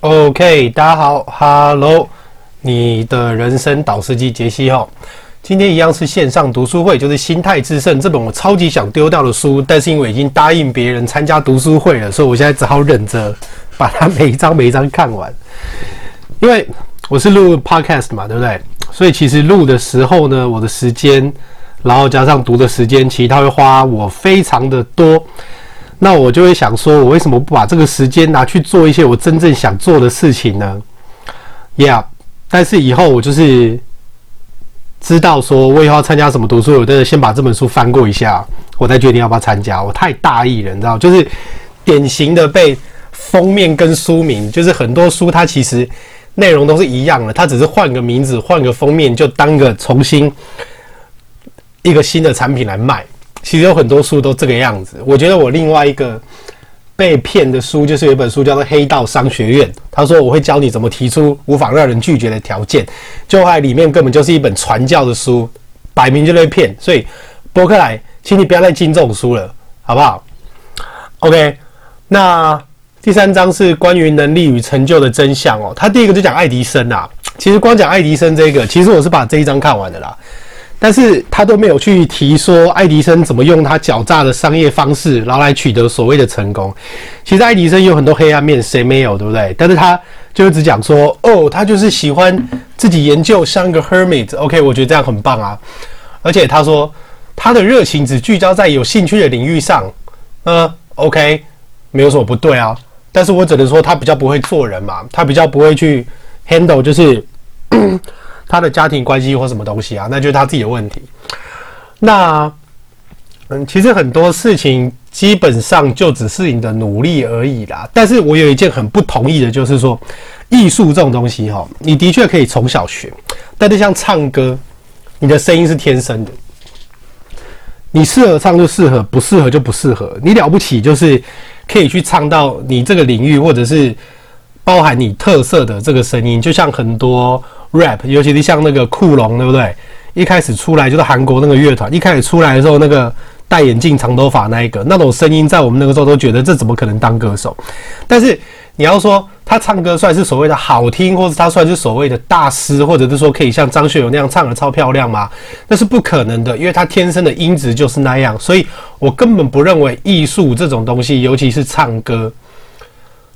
OK，大家好，Hello，你的人生導師機傑西吼，今天一樣是線上讀書會，就是《心態致勝》這本我超級想丟掉的書，但是因為已經答應別人參加讀書會了，所以我現在只好忍着把它每一章每一章看完。因為我是錄 Podcast 嘛，對不對？所以其實錄的時候呢，我的時間，然後加上讀的時間，其實它會花我非常的多。那我就會想說，我為什麼不把這個時間拿去做一些我真正想做的事情呢？Yeah，但是以後我就是知道說，我以後要參加什麼讀書，我都得先把這本書翻過一下，我才決定要不要參加。我太大意了，你知道就是典型的被封面跟書名，就是很多書它其實內容都是一樣的，它只是換個名字、換個封面，就當個重新一個新的產品來賣。其實有很多書都這個樣子，我覺得我另外一個被騙的書就是有一本書叫做《黑道商學院》，他說我會教你怎麼提出無法讓人拒絕的條件，就還裡面根本就是一本傳教的書，擺明就在騙。所以，博客來，請你不要再聽這種書了，好不好？OK，那第三章是關於能力與成就的真相哦、喔。他第一個就講愛迪生啦、啊，其實光講愛迪生這個，其實我是把這一章看完的啦。但是他都沒有去提說愛迪生怎麼用他狡詐的商業方式，然後來取得所謂的成功。其實愛迪生有很多黑暗面，誰沒有，對不對？但是他就一直講說，哦，他就是喜歡自己研究，像一個 hermit。OK，我覺得這樣很棒啊。而且他說他的熱情只聚焦在有興趣的領域上，嗯，OK，沒有什麼不對啊。但是我只能說他比較不會做人嘛，他比較不會去 handle 就是。 他的家庭關係或什麼東西啊？那就是他自己的問題。那，嗯，其實很多事情基本上就只是你的努力而已啦。但是我有一件很不同意的，就是說，藝術這種東西，哈，你的確可以從小學，但就像唱歌，你的聲音是天生的，你適合唱就適合，不適合就不適合。你了不起就是可以去唱到你這個領域，或者是包含你特色的這個聲音，就像很多。Rap，尤其是像那個酷龍，對不對？一開始出來就是韓國那個樂團，一開始出來的時候，那個戴眼鏡、長頭髮那一個，那種聲音，在我們那個時候都覺得這怎麼可能當歌手？但是你要說他唱歌算是所謂的好聽，或者他算是所謂的大師，或者是說可以像張學友那樣唱得超漂亮嗎？那是不可能的，因為他天生的音質就是那樣。所以我根本不認為藝術這種東西，尤其是唱歌，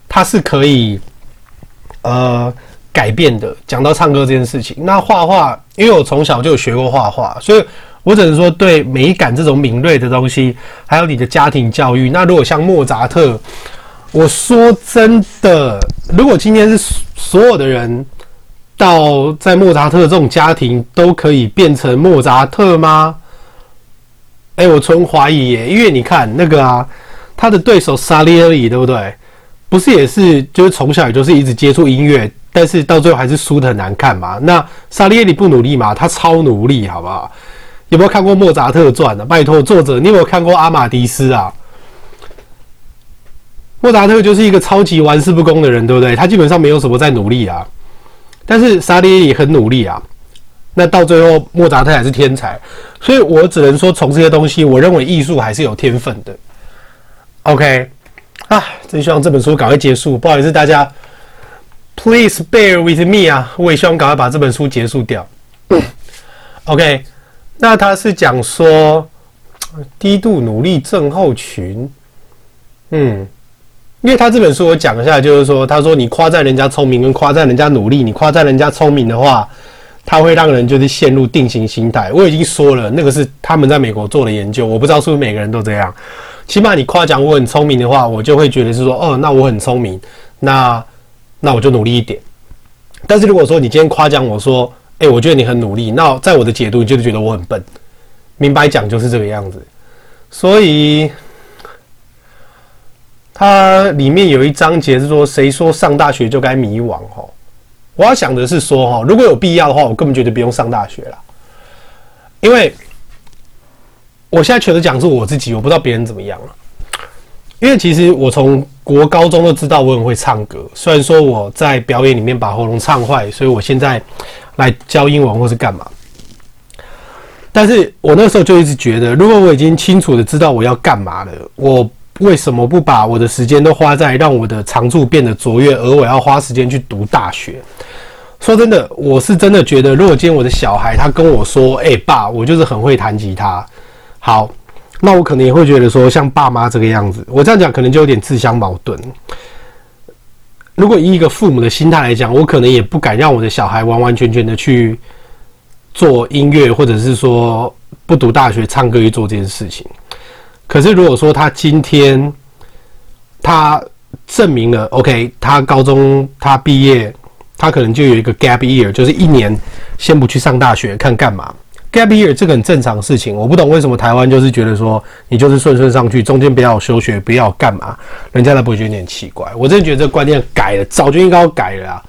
它是可以，呃。改變的。講到唱歌這件事情，那畫畫，因為我從小就有學過畫畫，所以我只能說，對美感這種敏銳的東西，還有你的家庭教育。那如果像莫扎特，我說真的，如果今天是所有的人到在莫扎特這種家庭，都可以變成莫扎特嗎？哎、欸，我存懷疑耶、欸，因為你看那個啊，他的對手薩利爾，對不對？不是也是，就是從小也就是一直接觸音樂。但是到最後還是輸得很難看嘛。那薩利耶里不努力嘛？他超努力，好不好？有沒有看過莫扎特傳的？拜託作者，你有沒有看過《阿瑪迪斯》啊？莫扎特就是一個超級玩世不恭的人，對不對？他基本上沒有什麼在努力啊。但是薩利耶里很努力啊。那到最後，莫扎特還是天才，所以我只能說，從這些東西，我認為藝術還是有天分的。OK，啊，真希望這本書趕快結束。不好意思，大家。Please bear with me 啊，我也希望趕快把這本書結束掉。 OK，那他是講說低度努力症候群。嗯，因為他這本書我講一下，就是說，他說你誇讚人家聰明跟誇讚人家努力，你誇讚人家聰明的話，他會讓人就是陷入定型心態。我已經說了，那個是他們在美國做的研究，我不知道是不是每個人都這樣。起碼你誇獎我很聰明的話，我就會覺得是說，哦，那我很聰明。那那我就努力一點。但是如果說你今天誇獎我說：“哎，我覺得你很努力。”那在我的解讀，你就是覺得我很笨。明白講就是這個樣子。所以它裡面有一章節是說：“誰說上大學就該迷惘？”吼，我要想的是說：“哈，如果有必要的話，我根本覺得不用上大學了。”因為我現在全都講是我自己，我不知道別人怎麼樣了。因為其實我從。國高中都知道我很會唱歌，雖然說我在表演裡面把喉嚨唱壞，所以我現在來教英文或是幹嘛。但是我那時候就一直覺得，如果我已經清楚的知道我要幹嘛了，我為什麼不把我的時間都花在讓我的長處變得卓越，而我要花時間去讀大學？說真的，我是真的覺得，如果今天我的小孩他跟我說：“欸，爸，我就是很會彈吉他。”好。那我可能也會覺得說，像爸媽這個樣子，我這樣講可能就有點自相矛盾。如果以一個父母的心態來講，我可能也不敢讓我的小孩完完全全的去做音樂，或者是說不讀大學、唱歌去做這件事情。可是如果說他今天他證明了 OK，他高中他畢業，他可能就有一個 gap year，就是一年先不去上大學，看幹嘛。Gap year 這個很正常的事情，我不懂為什麼台灣就是覺得說你就是順順上去，中間不要休學，不要幹嘛，人家都不會覺得有點奇怪。我真的覺得這個觀念改了，早就應該要改了啊。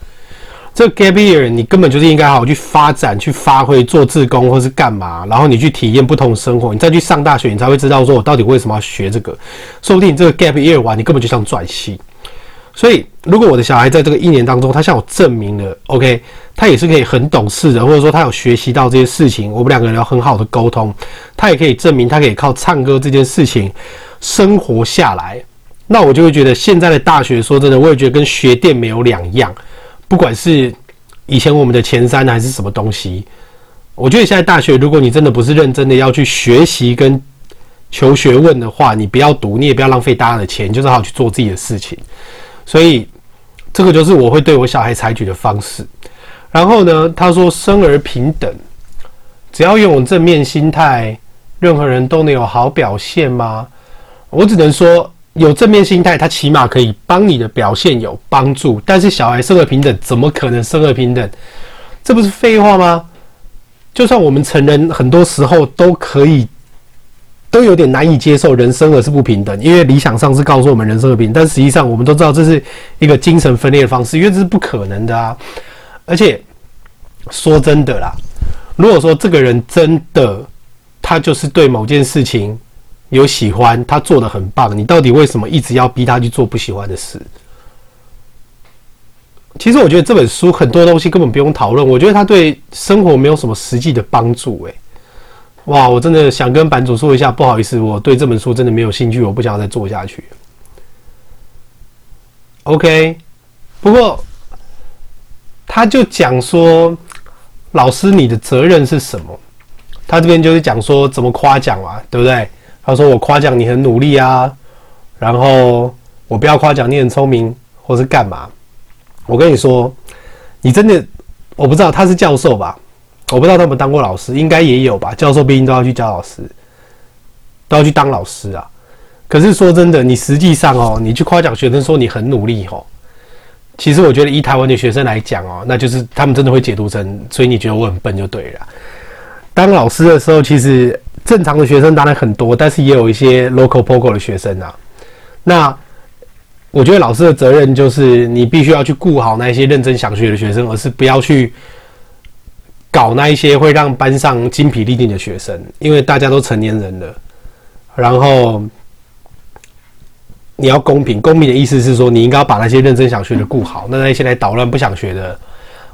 這個 Gap year 你根本就是應該好好去發展、去發揮、做志工或是幹嘛，然後你去體驗不同生活，你再去上大學，你才會知道說我到底為什麼要學這個。說不定你這個 Gap year 完，你根本就想轉系。所以，如果我的小孩在這個一年當中，他向我證明了，OK，他也是可以很懂事的，或者說他有學習到這些事情，我們兩個人要很好的溝通，他也可以證明他可以靠唱歌這件事情生活下來。那我就會覺得現在的大學，說真的，我也覺得跟學店沒有兩樣。不管是以前我們的前三，還是什麼東西，我覺得現在大學，如果你真的不是認真的要去學習跟求學問的話，你不要讀，你也不要浪費大家的錢，就是好好去做自己的事情。所以，這個就是我會對我小孩採取的方式。然後呢，他說“生而平等”，只要用正面心態，任何人都能有好表現嗎？我只能說，有正面心態，他起碼可以幫你的表現有幫助。但是，小孩生而平等，怎麼可能生而平等？這不是廢話嗎？就算我們成人，很多時候都可以。都有點難以接受，人生而是不平等，因為理想上是告訴我們人生而平等，但實際上我們都知道這是一個精神分裂的方式，因為這是不可能的啊！而且說真的啦，如果說這個人真的他就是對某件事情有喜歡，他做得很棒，你到底為什麼一直要逼他去做不喜歡的事？其實我覺得這本書很多東西根本不用討論，我覺得他對生活沒有什麼實際的幫助、欸，誒。哇，我真的想跟版主說一下，不好意思，我對這本書真的沒有興趣，我不想要再做下去。OK，不過他就講說，老師你的責任是什麼？他這邊就是講說怎麼誇獎啊，對不對？他說我誇獎你很努力啊，然後我不要誇獎你很聰明，或是幹嘛？我跟你說，你真的，我不知道他是教授吧？我不知道他們當過老師，應該也有吧？教授畢竟都要去教老師，都要去當老師啊。可是說真的，你實際上哦，你去誇獎學生說你很努力吼，其實我覺得以台灣的學生來講哦，那就是他們真的會解讀成，所以你覺得我很笨就對了啊。當老師的時候，其實正常的學生當然很多，但是也有一些 local poco 的學生啊。那我覺得老師的責任就是，你必須要去顧好那些認真想學的學生，而是不要去。找那一些會讓班上筋疲力盡的學生，因為大家都成年人了，然後你要公平，公平的意思是說，你應該要把那些認真想學的顧好，那那些來搗亂不想學的，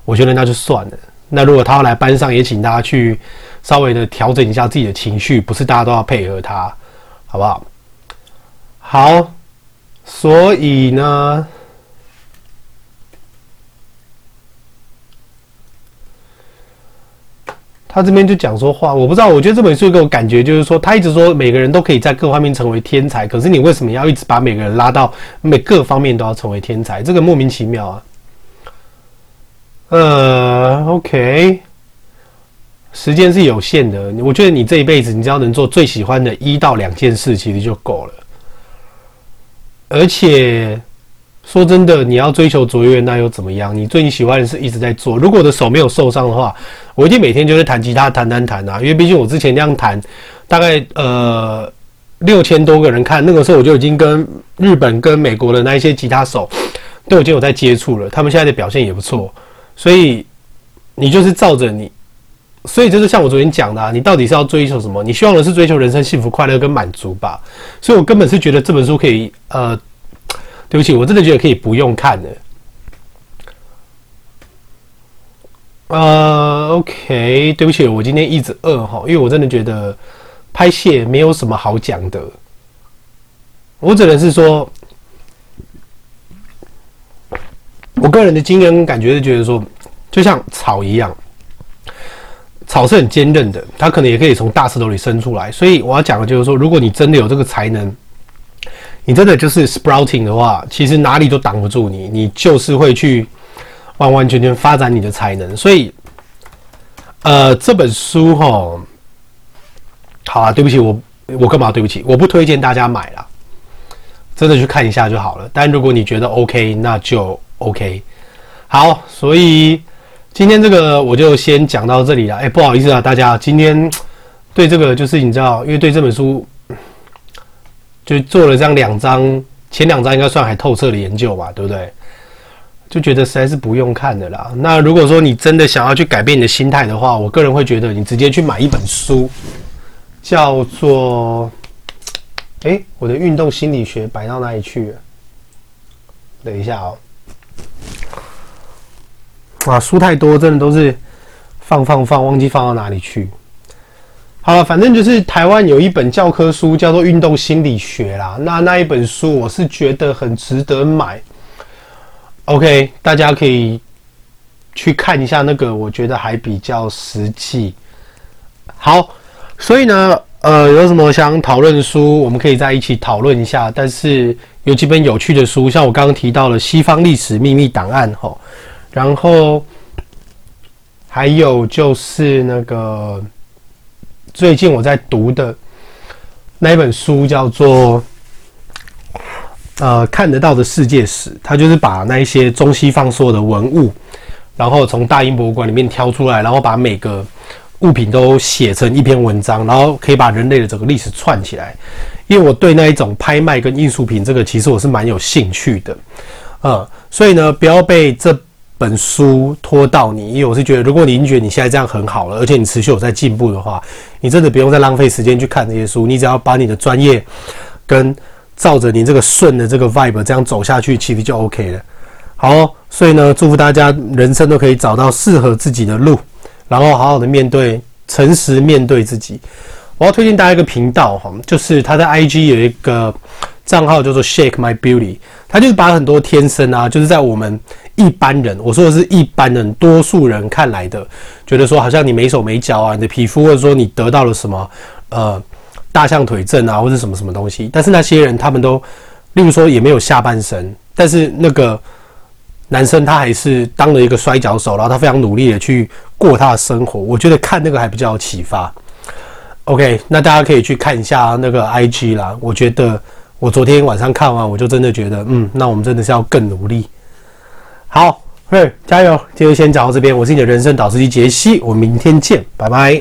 我覺得那就算了。那如果他要來班上，也請大家去稍微的調整一下自己的情緒，不是大家都要配合他，好不好？好，所以呢。他這邊就講說話，我不知道。我覺得這本書給我感覺就是說，他一直說每個人都可以在各方面成為天才，可是你為什麼要一直把每個人拉到每個方面都要成為天才？這個莫名其妙啊。呃，OK，時間是有限的，我覺得你這一輩子，你只要能做最喜歡的一到兩件事，其實就夠了，而且。說真的，你要追求卓越，那又怎麼樣？你最近喜歡的是一直在做。如果我的手沒有受傷的話，我一定每天就是彈吉他，彈彈彈啊！因為畢竟我之前那樣彈，大概呃六千多個人看，那個時候我就已經跟日本跟美國的那一些吉他手都已經有在接觸了，他們現在的表現也不錯。所以你就是照着你，所以就是像我昨天講的，啊，你到底是要追求什麼？你希望的是追求人生幸福、快樂跟滿足吧？所以我根本是覺得這本書可以呃。對不起，我真的覺得可以不用看了。啊 OK，對不起，我今天一直餓吼，因為我真的覺得拍戲沒有什麼好講的。我只能是說，我個人的經驗跟感覺是覺得說，就像草一樣，草是很堅韌的，它可能也可以從大石頭裡生出來。所以我要講的就是說，如果你真的有這個才能，你真的就是 sprouting 的話，其實哪裡都擋不住你，你就是會去完完全全發展你的才能。所以，呃，這本書哈，好啊，對不起，我我幹嘛對不起？我不推薦大家買了，真的去看一下就好了。但如果你覺得 OK，那就 OK。好，所以今天這個我就先講到這裡了。哎、欸，不好意思啊，大家，今天對這個就是你知道，因為對這本書。就做了這樣兩章，前兩章應該算還透徹的研究吧，對不對？就覺得實在是不用看的啦。那如果說你真的想要去改變你的心態的話，我個人會覺得你直接去買一本書，叫做……哎，我的運動心理學擺到哪裡去了？等一下哦，哇，書太多，真的都是放放放，忘記放到哪裡去。好了，反正就是台灣有一本教科書叫做《運動心理學》啦。那那一本書我是覺得很值得買。OK，大家可以去看一下那個，我覺得還比較實際。好，所以呢，呃，有什麼想討論的書，我們可以在一起討論一下。但是有幾本有趣的書，像我剛剛提到了《西方歷史秘密檔案》吼，然後還有就是那個。最近我在讀的那一本書叫做《呃看得到的世界史》，它就是把那一些中西方所有的文物，然後從大英博物館裡面挑出來，然後把每個物品都寫成一篇文章，然後可以把人類的整個歷史串起來。因為我對那一種拍賣跟藝術品這個，其實我是蠻有興趣的，呃、嗯，所以呢，不要被這。本書拖到你，因為我是覺得，如果你已經覺得你現在這樣很好了，而且你持續有在進步的話，你真的不用再浪費時間去看這些書。你只要把你的專業跟照着你這個順的這個 vibe 這樣走下去，其實就 OK 了。好，所以呢，祝福大家人生都可以找到適合自己的路，然後好好的面對，誠實面對自己。我要推薦大家一個頻道哈，就是他的 IG 有一個賬號叫做 Shake My Beauty，他就是把很多天生啊，就是在我們。一般人，我說的是一般人，多數人看來的，覺得說好像你沒手沒腳啊，你的皮膚或者說你得到了什麼，呃，大象腿症啊，或者什麼什麼東西。但是那些人他們都，例如說也沒有下半身，但是那個男生他還是當了一個摔角手，然後他非常努力的去過他的生活。我覺得看那個還比較有啟發。OK，那大家可以去看一下那個 IG 啦。我覺得我昨天晚上看完，我就真的覺得，嗯，那我們真的是要更努力。好，嘿、嗯，加油！今天先講到這邊，我是你的人生導師傑西，我們明天見，拜拜。